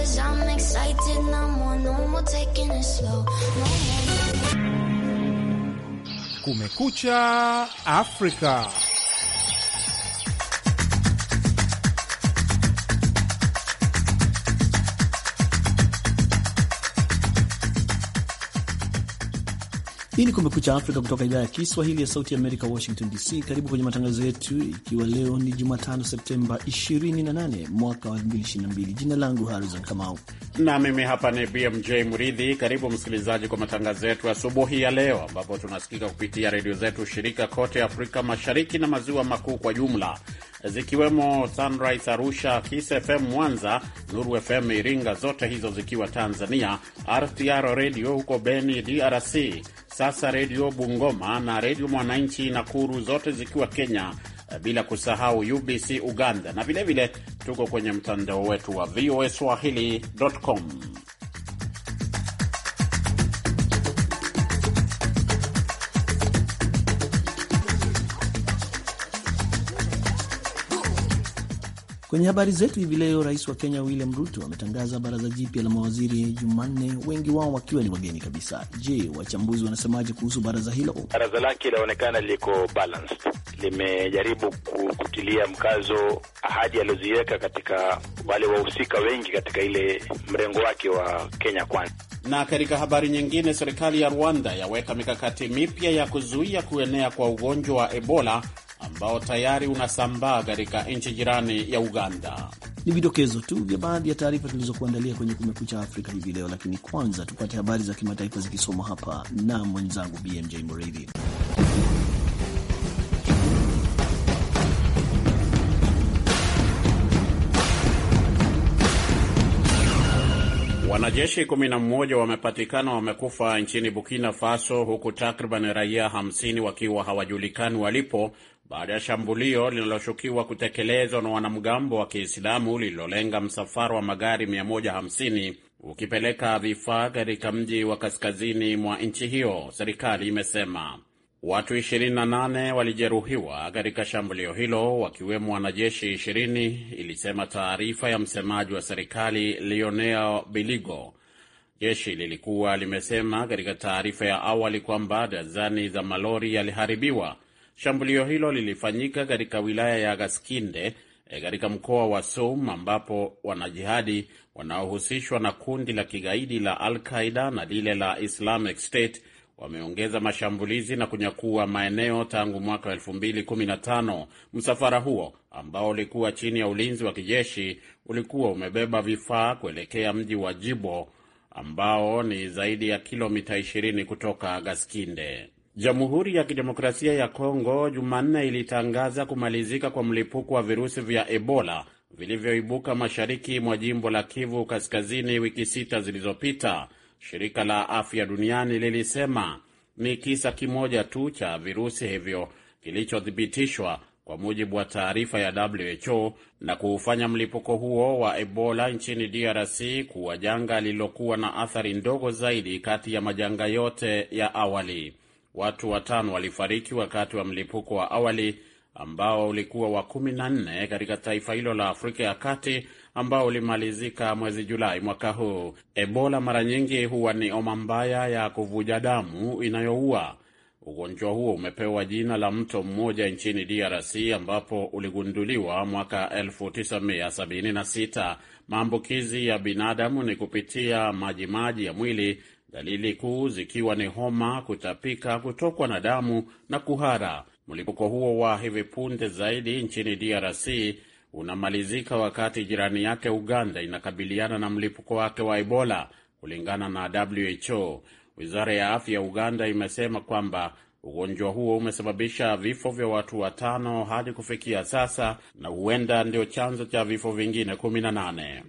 cause I'm excited. No more, no more taking it slow. No more. Kumekucha Afrika. Hii ni Kumekucha Afrika kutoka idhaa ya Kiswahili ya Sauti Amerika, Washington DC. Karibu kwenye matangazo yetu, ikiwa leo ni Jumatano Septemba 28 mwaka wa 2022. Jina langu Harrison Kamau na mimi hapa ni BMJ mridhi Karibu msikilizaji kwa matangazo yetu asubuhi ya leo, ambapo tunasikika kupitia redio zetu shirika kote Afrika Mashariki na Maziwa Makuu kwa jumla, zikiwemo Sunrise Arusha, Kiss FM Mwanza, Nuru FM Iringa, zote hizo zikiwa Tanzania, RTR Radio huko Beni, DRC, sasa Redio Bungoma na Redio Mwananchi Nakuru, zote zikiwa Kenya, eh, bila kusahau UBC Uganda, na vilevile tuko kwenye mtandao wetu wa VOA swahili.com. Kwenye habari zetu hivi leo, rais wa Kenya William Ruto ametangaza baraza jipya la mawaziri Jumanne, wengi wao wakiwa ni wageni kabisa. Je, wachambuzi wanasemaje kuhusu baraza hilo? Baraza lake linaonekana liko balanced, limejaribu kutilia mkazo ahadi alizoziweka katika wale wahusika wengi katika ile mrengo wake wa Kenya Kwanza. Na katika habari nyingine, serikali ya Rwanda yaweka mikakati mipya ya kuzuia kuenea kwa ugonjwa wa Ebola ambao tayari unasambaa katika nchi jirani ya Uganda. Ni vidokezo tu vya baadhi ya taarifa tulizokuandalia kwenye Kumekucha Afrika hivi leo, lakini kwanza tupate habari za kimataifa zikisomwa hapa na mwenzangu BMJ Muridhi. Wanajeshi 11 wamepatikana wamekufa nchini Burkina Faso, huku takriban raia 50 wakiwa hawajulikani walipo, baada ya shambulio linaloshukiwa kutekelezwa na wanamgambo wa Kiislamu lililolenga msafara wa magari 150 ukipeleka vifaa katika mji wa kaskazini mwa nchi hiyo, serikali imesema. Watu 28 walijeruhiwa katika shambulio hilo, wakiwemo wanajeshi 20, ilisema taarifa ya msemaji wa serikali Lionel Biligo. Jeshi lilikuwa limesema katika taarifa ya awali kwamba dazani za malori yaliharibiwa Shambulio hilo lilifanyika katika wilaya ya Gaskinde eh, katika mkoa wa Soum ambapo wanajihadi wanaohusishwa na kundi la kigaidi la Al Qaida na lile la Islamic State wameongeza mashambulizi na kunyakua maeneo tangu mwaka 2015. Msafara huo ambao ulikuwa chini ya ulinzi wa kijeshi ulikuwa umebeba vifaa kuelekea mji wa Jibo ambao ni zaidi ya kilomita 20 kutoka Gaskinde. Jamhuri ya Kidemokrasia ya Kongo Jumanne ilitangaza kumalizika kwa mlipuko wa virusi vya Ebola vilivyoibuka mashariki mwa jimbo la Kivu Kaskazini wiki sita zilizopita. Shirika la Afya Duniani lilisema ni kisa kimoja tu cha virusi hivyo kilichothibitishwa kwa mujibu wa taarifa ya WHO na kuufanya mlipuko huo wa Ebola nchini DRC kuwa janga lililokuwa na athari ndogo zaidi kati ya majanga yote ya awali. Watu watano walifariki wakati wa mlipuko wa awali ambao ulikuwa wa kumi na nne katika taifa hilo la Afrika ya Kati ambao ulimalizika mwezi Julai mwaka huu. Ebola mara nyingi huwa ni homa mbaya ya kuvuja damu inayoua. Ugonjwa huo umepewa jina la mto mmoja nchini DRC ambapo uligunduliwa mwaka 1976. Maambukizi ya binadamu ni kupitia majimaji ya mwili dalili kuu zikiwa ni homa, kutapika, kutokwa na damu na kuhara. Mlipuko huo wa hivi punde zaidi nchini DRC unamalizika wakati jirani yake Uganda inakabiliana na mlipuko wake wa Ebola, kulingana na WHO. Wizara ya afya ya Uganda imesema kwamba ugonjwa huo umesababisha vifo vya watu watano hadi kufikia sasa na huenda ndio chanzo cha vifo vingine 18.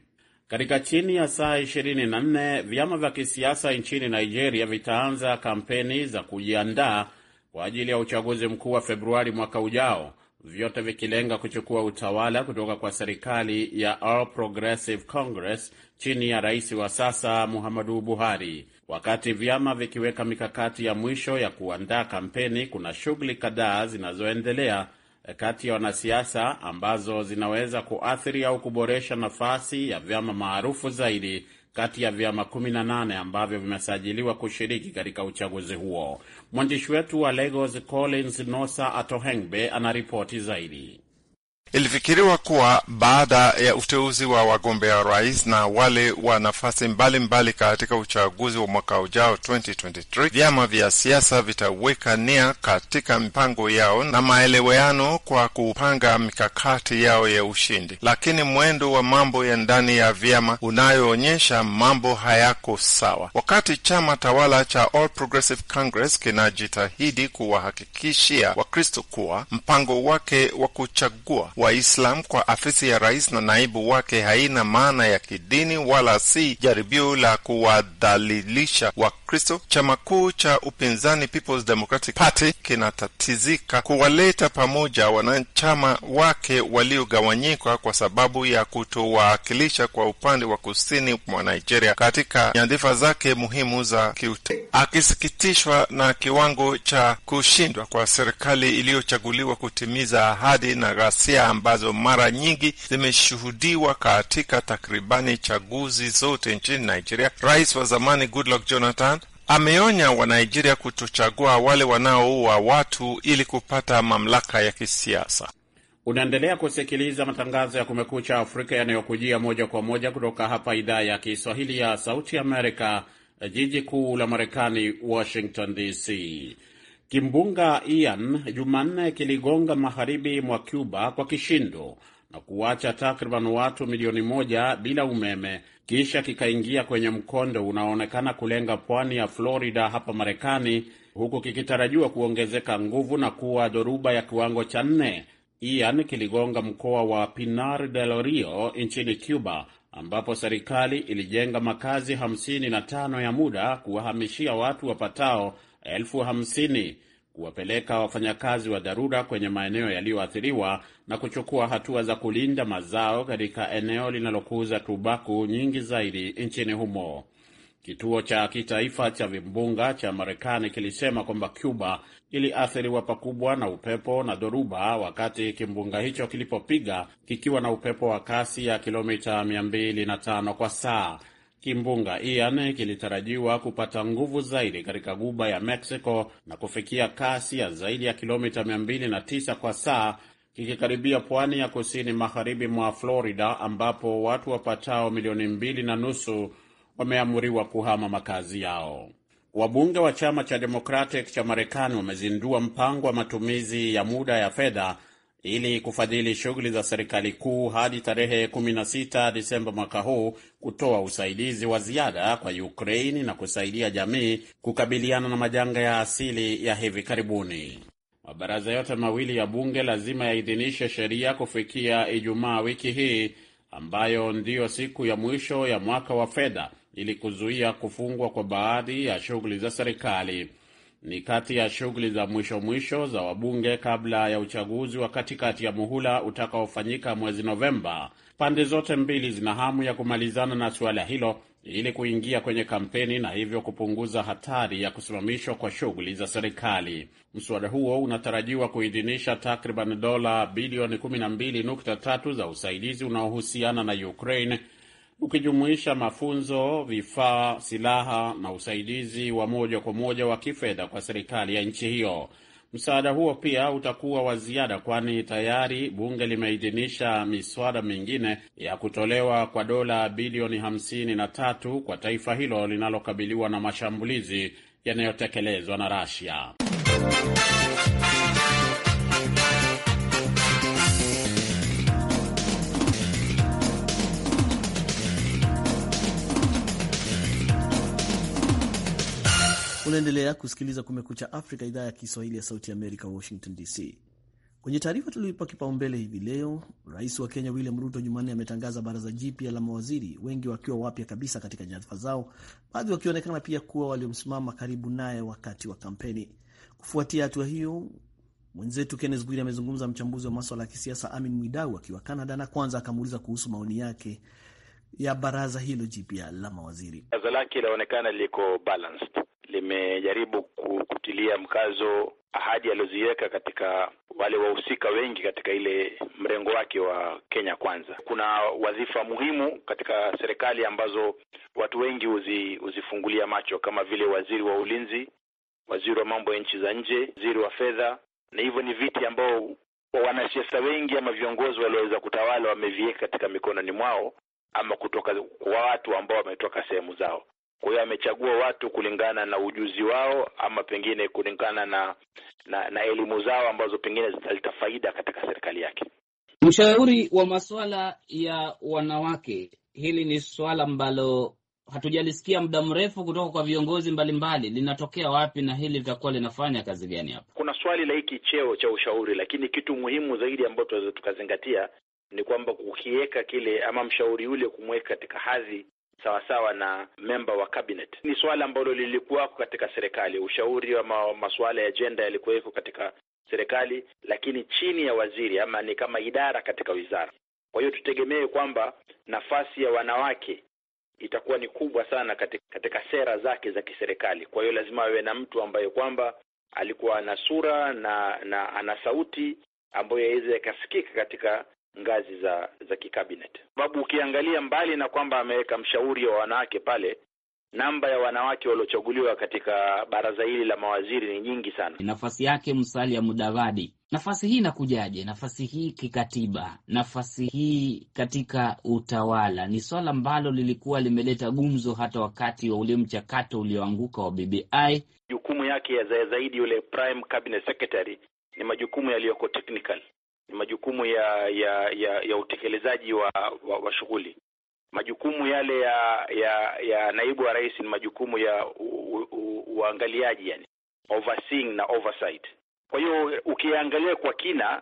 Katika chini ya saa 24 vyama vya kisiasa nchini Nigeria vitaanza kampeni za kujiandaa kwa ajili ya uchaguzi mkuu wa Februari mwaka ujao, vyote vikilenga kuchukua utawala kutoka kwa serikali ya All Progressive Congress chini ya rais wa sasa Muhammadu Buhari. Wakati vyama vikiweka mikakati ya mwisho ya kuandaa kampeni, kuna shughuli kadhaa zinazoendelea Eh, kati ya wanasiasa ambazo zinaweza kuathiri au kuboresha nafasi ya vyama maarufu zaidi kati ya vyama 18 ambavyo vimesajiliwa kushiriki katika uchaguzi huo. Mwandishi wetu wa Lagos Collins Nosa Atohengbe anaripoti zaidi. Ilifikiriwa kuwa baada ya uteuzi wa wagombea rais na wale wa nafasi mbalimbali katika uchaguzi wa mwaka ujao 2023, vyama vya siasa vitaweka nia katika mipango yao na maelewano kwa kupanga mikakati yao ya ushindi, lakini mwendo wa mambo ya ndani ya vyama unayoonyesha mambo hayako sawa, wakati chama tawala cha All Progressive Congress kinajitahidi kuwahakikishia Wakristo kuwa mpango wake wa kuchagua Waislam kwa afisi ya rais na naibu wake haina maana ya kidini wala si jaribio la kuwadhalilisha wa Kristo. chama kuu cha upinzani People's Democratic Party kinatatizika kuwaleta pamoja wanachama wake waliogawanyikwa kwa sababu ya kutowaakilisha kwa upande wa kusini mwa Nigeria katika nyadhifa zake muhimu za kiute. Akisikitishwa na kiwango cha kushindwa kwa serikali iliyochaguliwa kutimiza ahadi na ghasia ambazo mara nyingi zimeshuhudiwa katika takribani chaguzi zote nchini Nigeria, rais wa zamani Goodluck Jonathan ameonya Wanigeria kutochagua wale wanaoua watu ili kupata mamlaka ya kisiasa. Unaendelea kusikiliza matangazo ya Kumekucha Afrika yanayokujia moja kwa moja kutoka hapa idhaa ya Kiswahili ya Sauti Amerika, jiji kuu la Marekani, Washington DC. Kimbunga Ian Jumanne kiligonga magharibi mwa Cuba kwa kishindo na kuwacha takriban watu milioni moja bila umeme, kisha kikaingia kwenye mkondo unaoonekana kulenga pwani ya Florida hapa Marekani, huku kikitarajiwa kuongezeka nguvu na kuwa dhoruba ya kiwango cha nne. Ian kiligonga mkoa wa Pinar del Rio nchini Cuba, ambapo serikali ilijenga makazi 55 ya muda kuwahamishia watu wapatao elfu hamsini kuwapeleka wafanyakazi wa dharura kwenye maeneo yaliyoathiriwa na kuchukua hatua za kulinda mazao katika eneo linalokuza tumbaku nyingi zaidi nchini humo. Kituo cha kitaifa cha vimbunga cha Marekani kilisema kwamba Cuba iliathiriwa pakubwa na upepo na dhoruba wakati kimbunga hicho kilipopiga kikiwa na upepo wa kasi ya kilomita 205 kwa saa. Kimbunga Ian kilitarajiwa kupata nguvu zaidi katika guba ya Mexico na kufikia kasi ya zaidi ya kilomita 209 kwa saa kikikaribia pwani ya kusini magharibi mwa Florida ambapo watu wapatao milioni mbili na nusu wameamuriwa kuhama makazi yao. Wabunge wa chama cha Democratic cha Marekani wamezindua mpango wa matumizi ya muda ya fedha ili kufadhili shughuli za serikali kuu hadi tarehe 16 Disemba mwaka huu, kutoa usaidizi wa ziada kwa Ukraini na kusaidia jamii kukabiliana na majanga ya asili ya hivi karibuni. Mabaraza yote mawili ya bunge lazima yaidhinishe sheria kufikia Ijumaa wiki hii, ambayo ndiyo siku ya mwisho ya mwaka wa fedha, ili kuzuia kufungwa kwa baadhi ya shughuli za serikali ni kati ya shughuli za mwisho mwisho za wabunge kabla ya uchaguzi wa katikati ya muhula utakaofanyika mwezi Novemba. Pande zote mbili zina hamu ya kumalizana na suala hilo ili kuingia kwenye kampeni na hivyo kupunguza hatari ya kusimamishwa kwa shughuli za serikali. Mswada huo unatarajiwa kuidhinisha takriban dola bilioni 12.3 za usaidizi unaohusiana na Ukraine ukijumuisha mafunzo, vifaa, silaha na usaidizi wa moja kwa moja wa kifedha kwa serikali ya nchi hiyo. Msaada huo pia utakuwa wa ziada, kwani tayari bunge limeidhinisha miswada mingine ya kutolewa kwa dola bilioni 53 kwa taifa hilo linalokabiliwa na mashambulizi yanayotekelezwa na Russia. Unaendelea kusikiliza Kumekucha Afrika, idhaa ya Kiswahili ya Sauti Amerika, Washington DC. Kwenye taarifa tulioipa kipaumbele hivi leo, rais wa Kenya William Ruto Jumanne ametangaza baraza jipya la mawaziri, wengi wakiwa wapya kabisa katika nyadhifa zao, baadhi wakionekana pia kuwa waliomsimama karibu naye wakati wa kampeni. Kufuatia hatua hiyo, mwenzetu Kennes Bwiri amezungumza mchambuzi wa maswala ya kisiasa Amin Mwidau akiwa Canada, na kwanza akamuuliza kuhusu maoni yake ya baraza hilo jipya la mawaziri. Baraza lake linaonekana liko balanced limejaribu kutilia mkazo ahadi aliyoziweka katika wale wahusika wengi katika ile mrengo wake wa Kenya Kwanza. Kuna wadhifa muhimu katika serikali ambazo watu wengi huzi, huzifungulia macho kama vile waziri wa ulinzi, waziri wa mambo ya nchi za nje, waziri wa fedha, na hivyo ni viti ambao wanasiasa wengi ama viongozi walioweza kutawala wameviweka katika mikononi mwao ama kutoka kwa watu ambao wametoka sehemu zao. Kwa hiyo amechagua watu kulingana na ujuzi wao ama pengine kulingana na na, na elimu zao ambazo pengine zitaleta faida katika serikali yake. Mshauri wa masuala ya wanawake, hili ni suala ambalo hatujalisikia muda mrefu kutoka kwa viongozi mbalimbali. Linatokea wapi na hili litakuwa linafanya kazi gani? Hapa kuna swali la hiki cheo cha ushauri, lakini kitu muhimu zaidi ambayo tunaweza tukazingatia ni kwamba kukiweka kile ama mshauri yule kumweka katika hadhi sawasawa na memba wa cabinet. Ni suala ambalo lilikuwako katika serikali, ushauri wa masuala ya ajenda yalikuweko katika serikali, lakini chini ya waziri ama ni kama idara katika wizara. Kwa hiyo tutegemee kwamba nafasi ya wanawake itakuwa ni kubwa sana katika, katika sera zake za kiserikali. Kwa hiyo lazima awe na mtu ambaye kwamba alikuwa ana sura na na ana sauti ambayo yaweza yakasikika katika ngazi za za kikabinet, sababu ukiangalia mbali na kwamba ameweka mshauri wa wanawake pale, namba ya wanawake waliochaguliwa katika baraza hili la mawaziri ni nyingi sana. Nafasi yake Musalia Mudavadi, nafasi hii inakujaje? Nafasi hii kikatiba, nafasi hii katika utawala ni swala ambalo lilikuwa limeleta gumzo hata wakati wa ule mchakato ulioanguka wa BBI. Jukumu yake ya zaidi yule prime cabinet secretary ni majukumu yaliyoko technical ni majukumu ya ya ya, ya utekelezaji wa, wa, wa shughuli. Majukumu yale ya ya, ya naibu wa rais ni majukumu ya uangaliaji, yani overseeing na oversight. Kwa hiyo ukiangalia kwa kina,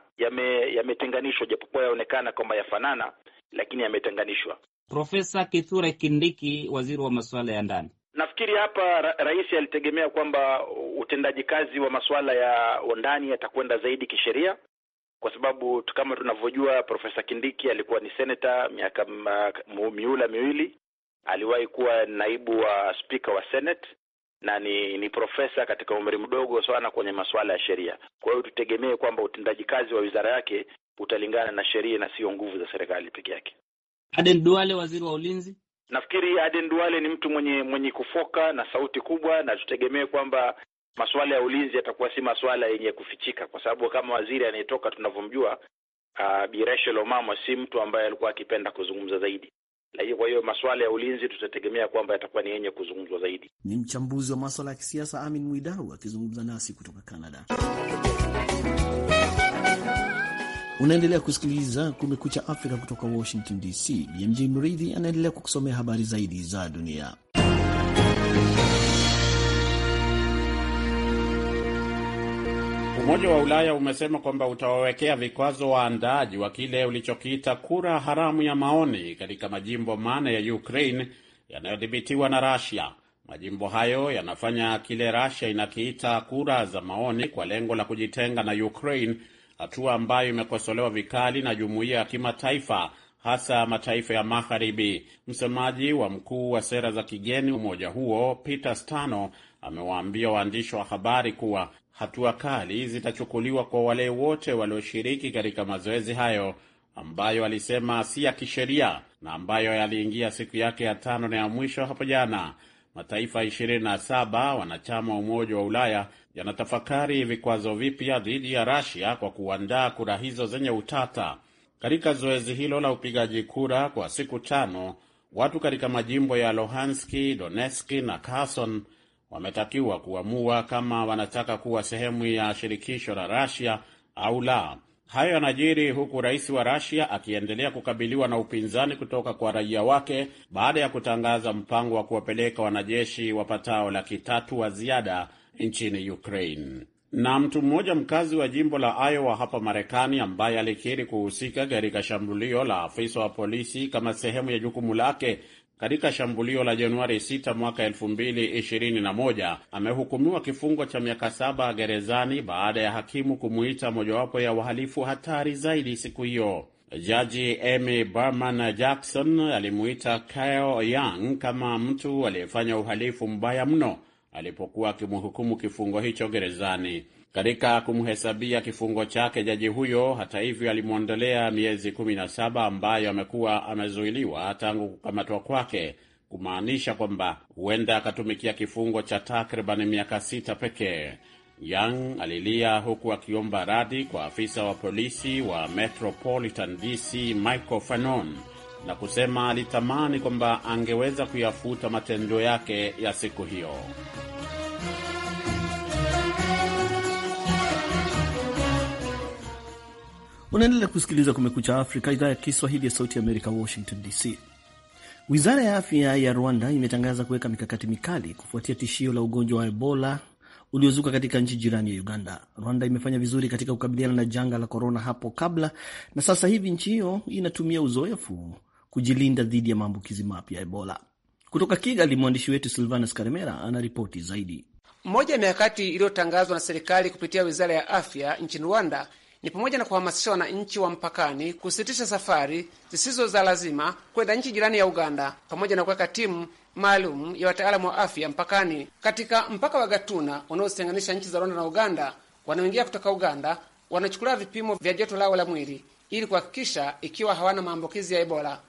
yametenganishwa yame, japokuwa yaonekana kwamba yafanana, lakini yametenganishwa. Profesa Kithure Kindiki, waziri wa masuala ya ndani. Nafikiri hapa ra rais alitegemea kwamba utendaji kazi wa masuala ya ndani yatakwenda zaidi kisheria, kwa sababu kama tunavyojua Profesa Kindiki alikuwa ni seneta miaka miula miwili, aliwahi kuwa naibu wa spika wa Senate na ni ni profesa katika umri mdogo sana kwenye masuala ya sheria. Kwa hiyo tutegemee kwamba utendaji kazi wa wizara yake utalingana na sheria na sio nguvu za serikali peke yake. Aden Duale, waziri wa ulinzi, nafikiri Aden Duale ni mtu mwenye mwenye kufoka na sauti kubwa, na tutegemee kwamba masuala ya ulinzi yatakuwa si masuala yenye kufichika, kwa sababu kama waziri anayetoka tunavyomjua, uh, Bi Rachel Omamo si mtu ambaye alikuwa akipenda kuzungumza zaidi. lakini Kwa hiyo masuala ya ulinzi tutategemea kwamba yatakuwa ni yenye kuzungumzwa zaidi. Ni mchambuzi wa masuala ya kisiasa Amin Mwidau akizungumza nasi kutoka Canada. Unaendelea kusikiliza Kumekucha Afrika kutoka Washington DC. BMJ Mridhi anaendelea kukusomea habari zaidi za dunia. Umoja wa Ulaya umesema kwamba utawawekea vikwazo waandaaji wa kile ulichokiita kura haramu ya maoni katika majimbo mane ya Ukraine yanayodhibitiwa na Russia. Majimbo hayo yanafanya kile Russia inakiita kura za maoni kwa lengo la kujitenga na Ukraine, hatua ambayo imekosolewa vikali na jumuiya ya kimataifa, hasa mataifa ya magharibi. Msemaji wa mkuu wa sera za kigeni umoja huo Peter Stano amewaambia waandishi wa habari kuwa hatua kali zitachukuliwa kwa wale wote walioshiriki katika mazoezi hayo ambayo alisema si ya kisheria na ambayo yaliingia siku yake ya tano na ya mwisho hapo jana. Mataifa 27 wanachama wa Umoja wa Ulaya yanatafakari vikwazo vipya dhidi ya Russia kwa kuandaa kura hizo zenye utata. Katika zoezi hilo la upigaji kura kwa siku tano, watu katika majimbo ya Luhanski, Donetski na Kherson wametakiwa kuamua kama wanataka kuwa sehemu ya shirikisho la rasia au la. Hayo yanajiri huku rais wa rasia akiendelea kukabiliwa na upinzani kutoka kwa raia wake baada ya kutangaza mpango wa kuwapeleka wanajeshi wapatao laki tatu wa ziada nchini Ukraine. Na mtu mmoja mkazi wa jimbo la Iowa hapa Marekani, ambaye alikiri kuhusika katika shambulio la afisa wa polisi kama sehemu ya jukumu lake katika shambulio la Januari 6 mwaka 2021 amehukumiwa kifungo cha miaka saba gerezani baada ya hakimu kumuita mojawapo ya wahalifu hatari zaidi siku hiyo. Jaji Amy Berman Jackson alimuita Kyle Young kama mtu aliyefanya uhalifu mbaya mno alipokuwa akimhukumu kifungo hicho gerezani. Katika kumhesabia kifungo chake, jaji huyo hata hivyo alimwondolea miezi 17 ambayo amekuwa amezuiliwa tangu kukamatwa kwake, kumaanisha kwamba huenda akatumikia kifungo cha takriban miaka sita pekee. Young alilia huku akiomba radi kwa afisa wa polisi wa Metropolitan DC Michael Fanon na kusema alitamani kwamba angeweza kuyafuta matendo yake ya siku hiyo. Unaendelea kusikiliza Kumekucha Afrika, idhaa ya Kiswahili ya Sauti ya Amerika, Washington DC. Wizara ya afya ya Rwanda imetangaza kuweka mikakati mikali kufuatia tishio la ugonjwa wa Ebola uliozuka katika nchi jirani ya Uganda. Rwanda imefanya vizuri katika kukabiliana na janga la korona hapo kabla, na sasa hivi nchi hiyo inatumia uzoefu kujilinda dhidi ya maambukizi mapya ya Ebola. Kutoka Kigali, mwandishi wetu Silvanus Karemera anaripoti zaidi. Moja ya mikakati iliyotangazwa na serikali kupitia wizara ya afya nchini Rwanda ni pamoja na kuhamasisha wananchi wa mpakani kusitisha safari zisizo za lazima kwenda nchi jirani ya Uganda, pamoja na kuweka timu maalum ya wataalamu wa afya mpakani. Katika mpaka wa Gatuna unaozitenganisha nchi za Rwanda na Uganda, wanaoingia kutoka Uganda wanachukuliwa vipimo vya joto lao la mwili ili kuhakikisha ikiwa hawana maambukizi ya Ebola.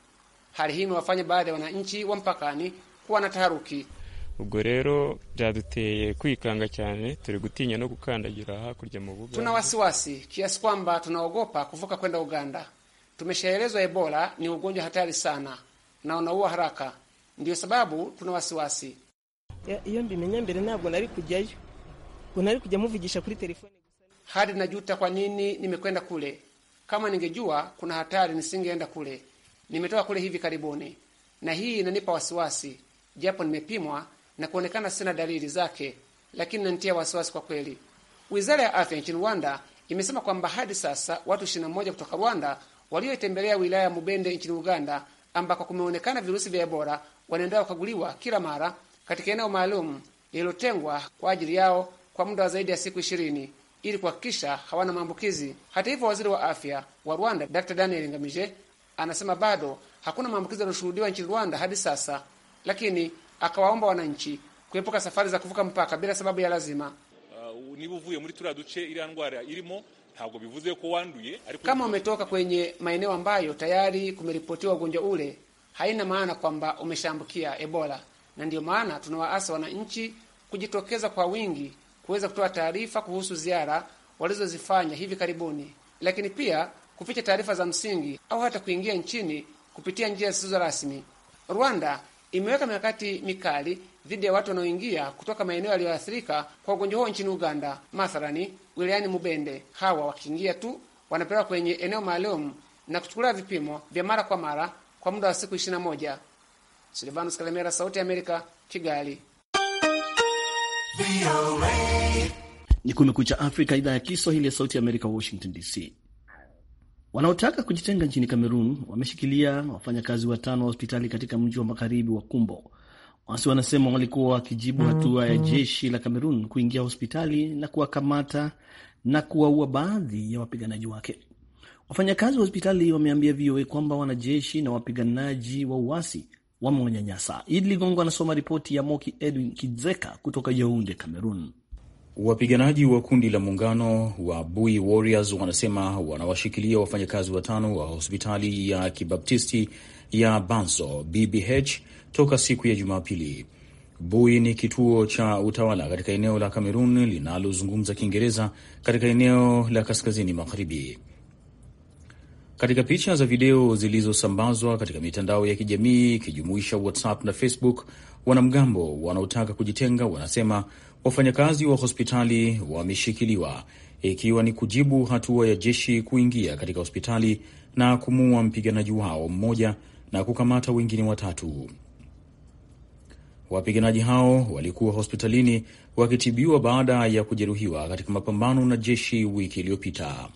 Hali hii imewafanya baadhi ya wananchi wa mpakani kuwa na taharuki ubwo rero byaduteye kwikanga cyane, turi gutinya no gukandagira hakurya mu buga Tuna wasiwasi kiasi kwamba tunaogopa kuvuka kwenda Uganda. Tumeshaelezwa Ebola ni ugonjwa hatari sana na unaua haraka, ndiyo sababu tuna wasiwasi. Iyo mbimenya mbere ntabwo nari kujyayo, ngo nari kujya muvugisha kuri telefone Hadi najuta kwa nini nimekwenda kule. Kama ningejua kuna hatari nisingeenda kule. Nimetoka kule hivi karibuni, na hii inanipa wasiwasi, japo nimepimwa na kuonekana sina dalili zake, lakini nantia wasiwasi kwa kweli. Wizara ya afya nchini Rwanda imesema kwamba hadi sasa watu 21 kutoka Rwanda walioitembelea wilaya ya Mubende nchini Uganda, ambako kumeonekana virusi vya Ebola, wanaendelea kukaguliwa kila mara katika eneo maalum lililotengwa kwa ajili yao kwa muda wa zaidi ya siku ishirini ili kuhakikisha hawana maambukizi. Hata hivyo, waziri wa afya wa Rwanda Dr Daniel Ngamije anasema bado hakuna maambukizi yanayoshuhudiwa nchini Rwanda hadi sasa, lakini akawaomba wananchi kuepuka safari za kuvuka mpaka bila sababu ya lazima. Kama umetoka kwenye maeneo ambayo tayari kumeripotiwa ugonjwa ule, haina maana kwamba umeshaambukia Ebola, na ndiyo maana tunawaasa wananchi kujitokeza kwa wingi kuweza kutoa taarifa kuhusu ziara walizozifanya hivi karibuni, lakini pia kuficha taarifa za msingi au hata kuingia nchini kupitia njia zisizo rasmi. Rwanda imeweka mikakati mikali dhidi ya watu wanaoingia kutoka maeneo yaliyoathirika kwa ugonjwa huo nchini Uganda, mathalani wilayani Mubende. Hawa wakiingia tu wanapelekwa kwenye eneo maalum na kuchukuliwa vipimo vya mara kwa mara kwa muda wa siku 21. Silvanus Kalemera, Sauti ya Amerika, Kigali. Ni Kumekucha Afrika, idhaa ya Kiswahili ya Sauti ya Amerika, Washington DC. Wanaotaka kujitenga nchini Kamerun wameshikilia wafanyakazi watano wa hospitali katika mji wa magharibi wa Kumbo. Waasi wanasema walikuwa wakijibu mm, hatua ya mm. jeshi la Kamerun kuingia hospitali na kuwakamata na kuwaua baadhi ya wapiganaji wake. Wafanyakazi wa hospitali wameambia VOA kwamba wanajeshi na wapiganaji wa uasi wamewanyanyasa. Idi Ligongo anasoma ripoti ya Moki Edwin Kizeka kutoka Yaunde, Kamerun. Wapiganaji wa kundi la muungano wa Bui Warriors wanasema wanawashikilia wafanyakazi watano wa hospitali ya kibaptisti ya Banso BBH toka siku ya Jumapili. Bui ni kituo cha utawala katika eneo la Kamerun linalozungumza Kiingereza katika eneo la kaskazini magharibi. Katika picha za video zilizosambazwa katika mitandao ya kijamii ikijumuisha WhatsApp na Facebook, Wanamgambo wanaotaka kujitenga wanasema wafanyakazi wa hospitali wameshikiliwa, ikiwa ni kujibu hatua ya jeshi kuingia katika hospitali na kumuua mpiganaji wao mmoja na kukamata wengine watatu. Wapiganaji hao walikuwa hospitalini wakitibiwa baada ya kujeruhiwa katika mapambano na jeshi wiki iliyopita.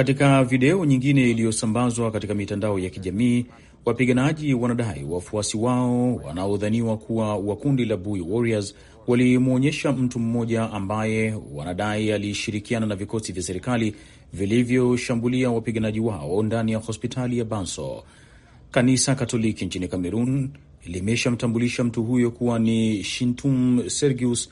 Katika video nyingine iliyosambazwa katika mitandao ya kijamii, wapiganaji wanadai wafuasi wao wanaodhaniwa kuwa wa kundi la Bui Warriors walimwonyesha mtu mmoja ambaye wanadai alishirikiana na vikosi vya serikali vilivyoshambulia wapiganaji wao ndani ya hospitali ya Banso. Kanisa Katoliki nchini Kamerun limeshamtambulisha mtu huyo kuwa ni Shintum Sergius,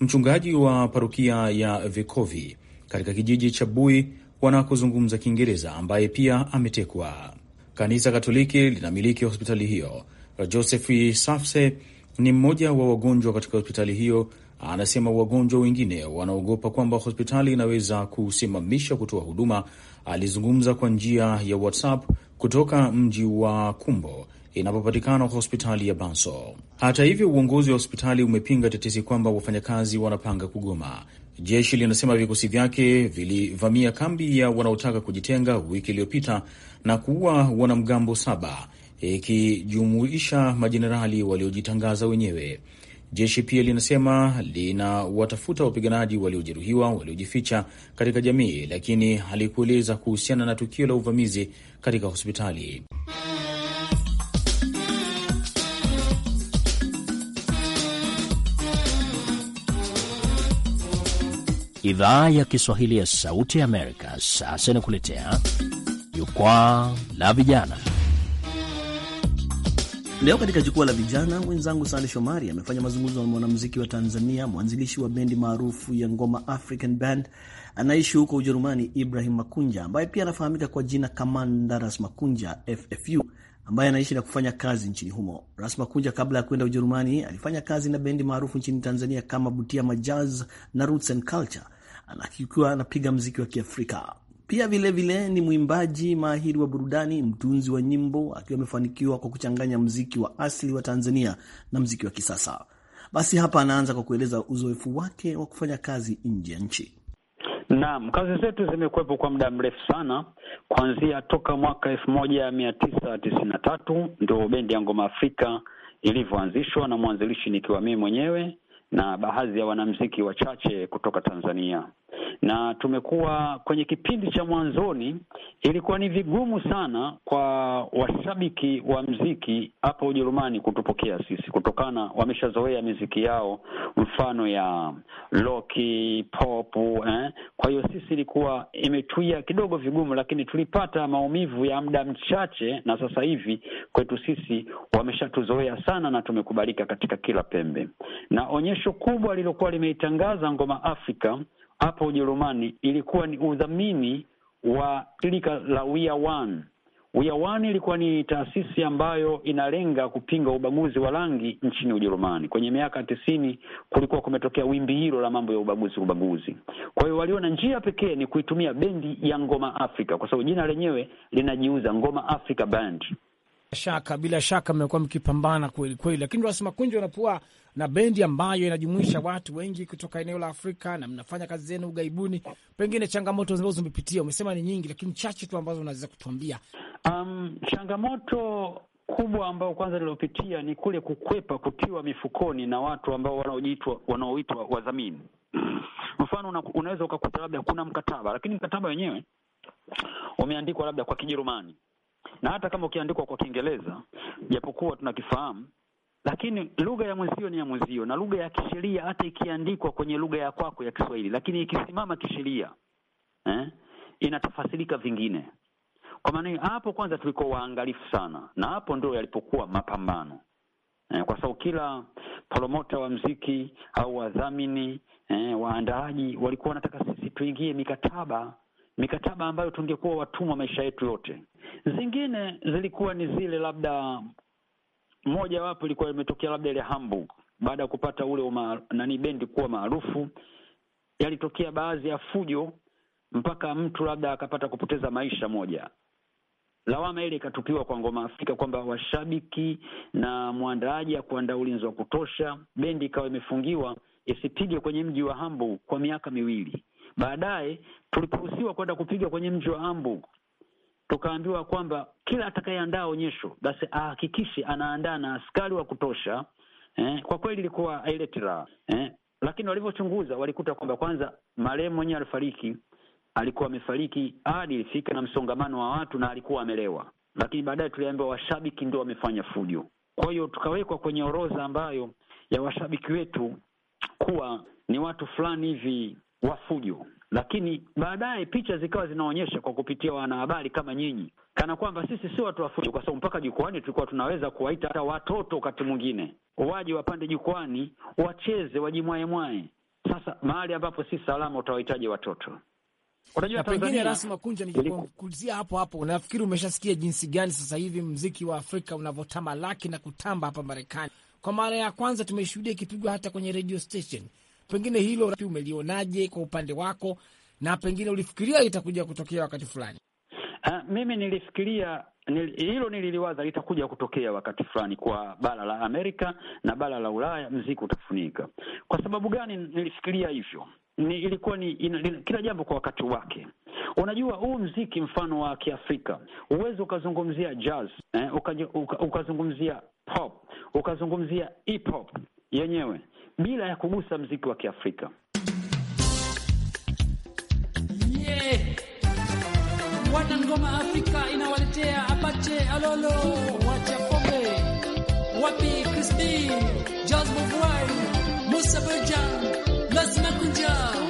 mchungaji wa parokia ya Vikovi katika kijiji cha Bui wanakozungumza Kiingereza ambaye pia ametekwa. Kanisa Katoliki linamiliki hospitali hiyo. Joseph Safse ni mmoja wa wagonjwa katika hospitali hiyo. Anasema wagonjwa wengine wanaogopa kwamba hospitali inaweza kusimamisha kutoa huduma. Alizungumza kwa njia ya WhatsApp kutoka mji wa Kumbo inapopatikana hospitali ya Banso. Hata hivyo, uongozi wa hospitali umepinga tetesi kwamba wafanyakazi wanapanga kugoma. Jeshi linasema vikosi vyake vilivamia kambi ya wanaotaka kujitenga wiki iliyopita na kuua wanamgambo saba ikijumuisha majenerali waliojitangaza wenyewe. Jeshi pia linasema linawatafuta wapiganaji waliojeruhiwa waliojificha katika jamii, lakini halikueleza kuhusiana na tukio la uvamizi katika hospitali Idhaa ya Kiswahili ya Sauti ya Amerika sasa inakuletea Jukwaa la Vijana. Leo katika Jukwaa la Vijana, mwenzangu Sande Shomari amefanya mazungumzo na mwanamuziki wa Tanzania, mwanzilishi wa bendi maarufu ya ngoma African Band anaishi huko Ujerumani, Ibrahim Makunja ambaye pia anafahamika kwa jina Kamandaras Makunja FFU ambaye anaishi na kufanya kazi nchini humo. Ras makunja kabla ya kwenda Ujerumani alifanya kazi na bendi maarufu nchini Tanzania kama Butiama Jazz na Roots and Culture, anakikiwa anapiga mziki wa Kiafrika. Pia vilevile vile ni mwimbaji mahiri wa burudani, mtunzi wa nyimbo, akiwa amefanikiwa kwa kuchanganya mziki wa asili wa Tanzania na mziki wa kisasa. Basi hapa anaanza kwa kueleza uzoefu wake wa kufanya kazi nje ya nchi. Naam, kazi zetu zimekuwepo kwa muda mrefu sana, kuanzia toka mwaka elfu moja mia tisa tisini na tatu ndio bendi ya ngoma Afrika ilivyoanzishwa na mwanzilishi nikiwa mimi mwenyewe na baadhi ya wanamziki wachache kutoka Tanzania na tumekuwa kwenye kipindi cha mwanzoni, ilikuwa ni vigumu sana kwa washabiki wa mziki hapa Ujerumani kutupokea sisi, kutokana wameshazoea miziki yao, mfano ya loki, pop eh. Kwa hiyo sisi ilikuwa imetuia kidogo vigumu, lakini tulipata maumivu ya muda mchache, na sasa hivi kwetu sisi wameshatuzoea sana na tumekubalika katika kila pembe, na onyesho kubwa lilokuwa limeitangaza ngoma Afrika hapa Ujerumani ilikuwa ni udhamini wa shirika la We One. We One ilikuwa ni taasisi ambayo inalenga kupinga ubaguzi wa rangi nchini Ujerumani. Kwenye miaka tisini kulikuwa kumetokea wimbi hilo la mambo ya ubaguzi ubaguzi. Kwa hiyo waliona njia pekee ni kuitumia bendi ya Ngoma Afrika, kwa sababu jina lenyewe linajiuza, Ngoma Africa Band. Shaka bila shaka mmekuwa mkipambana kweli kweli, lakini wasema kunje wanapua na bendi ambayo inajumuisha watu wengi kutoka eneo la Afrika na mnafanya kazi zenu ughaibuni, pengine changamoto ambazo zimepitia, umesema ni nyingi, lakini chache tu ambazo unaweza kutuambia. Um, changamoto kubwa ambayo kwanza niliopitia ni kule kukwepa kutiwa mifukoni na watu ambao wanaojiitwa wanaoitwa wadhamini. Mfano una, unaweza ukakuta labda kuna mkataba, lakini mkataba wenyewe umeandikwa labda kwa Kijerumani na hata kama ukiandikwa kwa Kiingereza, japokuwa tunakifahamu lakini lugha ya mwenzio ni ya mwenzio, na lugha ya kisheria hata ikiandikwa kwenye lugha ya kwako ya Kiswahili, lakini ikisimama kisheria eh, inatafasirika vingine. Kwa maana hapo kwanza tulikuwa waangalifu sana, na hapo ndio yalipokuwa mapambano eh, kwa sababu kila promota wa mziki au wadhamini eh, waandaaji walikuwa wanataka sisi tuingie mikataba mikataba ambayo tungekuwa watumwa maisha yetu yote. Zingine zilikuwa ni zile labda moja wapo ilikuwa imetokea labda ile Hamburg, baada ya kupata ule uma, nani bendi kuwa maarufu, yalitokea baadhi ya fujo mpaka mtu labda akapata kupoteza maisha moja. Lawama ile ikatupiwa kwa Ngoma Afrika kwamba washabiki na mwandaaji hakuandaa ulinzi wa kutosha, bendi ikawa imefungiwa isipige kwenye mji wa Hamburg kwa miaka miwili. Baadaye tuliporuhusiwa kwenda kupiga kwenye mji wa Hamburg, tukaambiwa kwamba kila atakayeandaa onyesho basi ahakikishe anaandaa na askari wa kutosha. Eh, kwa kweli ilikuwa haileti raha eh, lakini walivyochunguza walikuta kwamba kwanza marehemu mwenyewe alifariki, alikuwa amefariki hadi ilifika na msongamano wa watu na alikuwa amelewa, lakini baadaye tuliambiwa washabiki ndio wamefanya fujo. Kwa hiyo tukawekwa kwenye orodha ambayo ya washabiki wetu kuwa ni watu fulani hivi wa fujo, lakini baadaye picha zikawa zinaonyesha kwa kupitia wanahabari kama nyinyi, kana kwamba sisi si watu wafuji, kwa sababu mpaka jukwani tulikuwa tunaweza kuwaita hata watoto wakati mwingine waje wapande jukwani, wacheze, wajimwaemwae. Sasa mahali ambapo si salama, utawahitaji watoto. Unajua, pengine Rasi Makunja, nikikuzia hapo hapo, nafikiri umeshasikia jinsi gani sasa hivi mziki wa Afrika unavyotamalaki na kutamba hapa Marekani? Kwa mara ya kwanza tumeshuhudia ikipigwa hata kwenye radio station Pengine hilo umelionaje kwa upande wako, na pengine ulifikiria itakuja kutokea wakati fulani? Uh, mimi nilifikiria nil, hilo nililiwaza litakuja kutokea wakati fulani kwa bara la Amerika na bara la Ulaya, mziki utafunika. Kwa sababu gani nilifikiria hivyo? Ni, ilikuwa ni ina, kila jambo kwa wakati wake. Unajua, huu mziki mfano wa Kiafrika huwezi ukazungumzia jazz eh, ukazungumzia pop ukazungumzia hip hop yenyewe bila ya kugusa mziki wa Kiafrika. Yeah. Wana ngoma Afrika inawaletea Apache Alolo Wachakombe Wapi Crispin Jazz Musa Berjan Lazima Kunja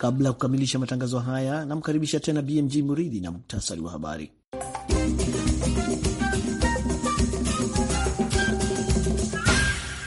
Kabla ya kukamilisha matangazo haya, namkaribisha tena BMG Muridhi na muktasari wa habari.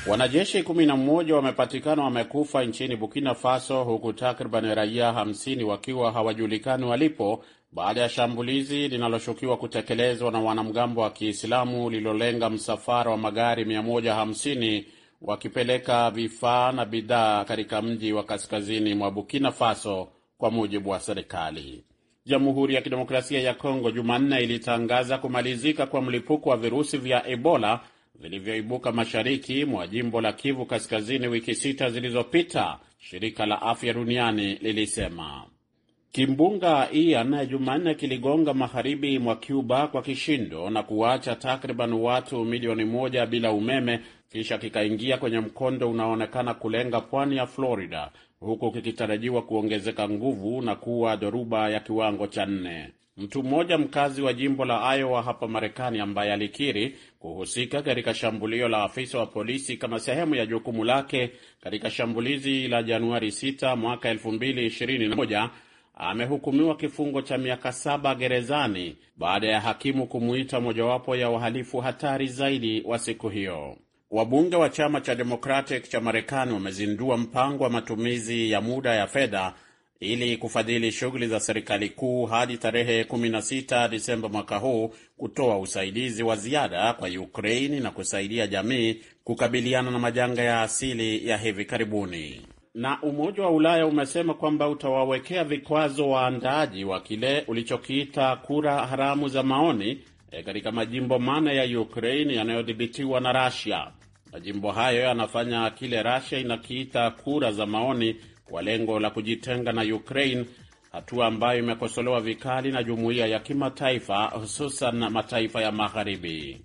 Wanajeshi 11 wamepatikana wamekufa nchini Burkina Faso, huku takriban raia 50 wakiwa hawajulikani walipo baada ya shambulizi linaloshukiwa kutekelezwa na wanamgambo wa Kiislamu lililolenga msafara wa magari 150 wakipeleka vifaa na bidhaa katika mji wa kaskazini mwa Burkina Faso, kwa mujibu wa serikali. Jamhuri ya Kidemokrasia ya Kongo Jumanne ilitangaza kumalizika kwa mlipuko wa virusi vya Ebola vilivyoibuka mashariki mwa jimbo la Kivu Kaskazini wiki sita zilizopita, shirika la afya duniani lilisema. Kimbunga Ian Jumanne kiligonga magharibi mwa Cuba kwa kishindo na kuwaacha takriban watu milioni moja bila umeme, kisha kikaingia kwenye mkondo unaoonekana kulenga pwani ya Florida, huku kikitarajiwa kuongezeka nguvu na kuwa dhoruba ya kiwango cha nne. Mtu mmoja mkazi wa jimbo la Iowa hapa Marekani, ambaye alikiri kuhusika katika shambulio la afisa wa polisi kama sehemu ya jukumu lake katika shambulizi la Januari 6 mwaka 2021 amehukumiwa kifungo cha miaka saba gerezani baada ya hakimu kumuita mojawapo ya wahalifu hatari zaidi wa siku hiyo. Wabunge wa chama cha Democratic cha Marekani wamezindua mpango wa matumizi ya muda ya fedha ili kufadhili shughuli za serikali kuu hadi tarehe 16 Disemba mwaka huu, kutoa usaidizi wa ziada kwa Ukraini na kusaidia jamii kukabiliana na majanga ya asili ya hivi karibuni. Na Umoja wa Ulaya umesema kwamba utawawekea vikwazo waandaaji wa kile ulichokiita kura haramu za maoni e, katika majimbo mane ya Ukraine yanayodhibitiwa na Russia. Majimbo hayo yanafanya kile Russia inakiita kura za maoni kwa lengo la kujitenga na Ukraine, hatua ambayo imekosolewa vikali na jumuiya ya kimataifa, hususan mataifa ya Magharibi.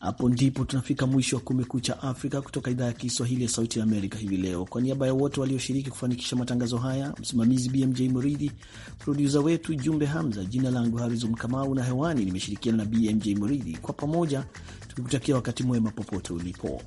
Hapo ndipo tunafika mwisho wa Kumekucha Afrika kutoka idhaa ya Kiswahili ya Sauti ya Amerika hivi leo. Kwa niaba ya wote walioshiriki kufanikisha matangazo haya, msimamizi BMJ Muridhi, produsa wetu Jumbe Hamza, jina langu Harizon Kamau na hewani nimeshirikiana na BMJ Muridhi, kwa pamoja tukikutakia wakati mwema popote ulipo.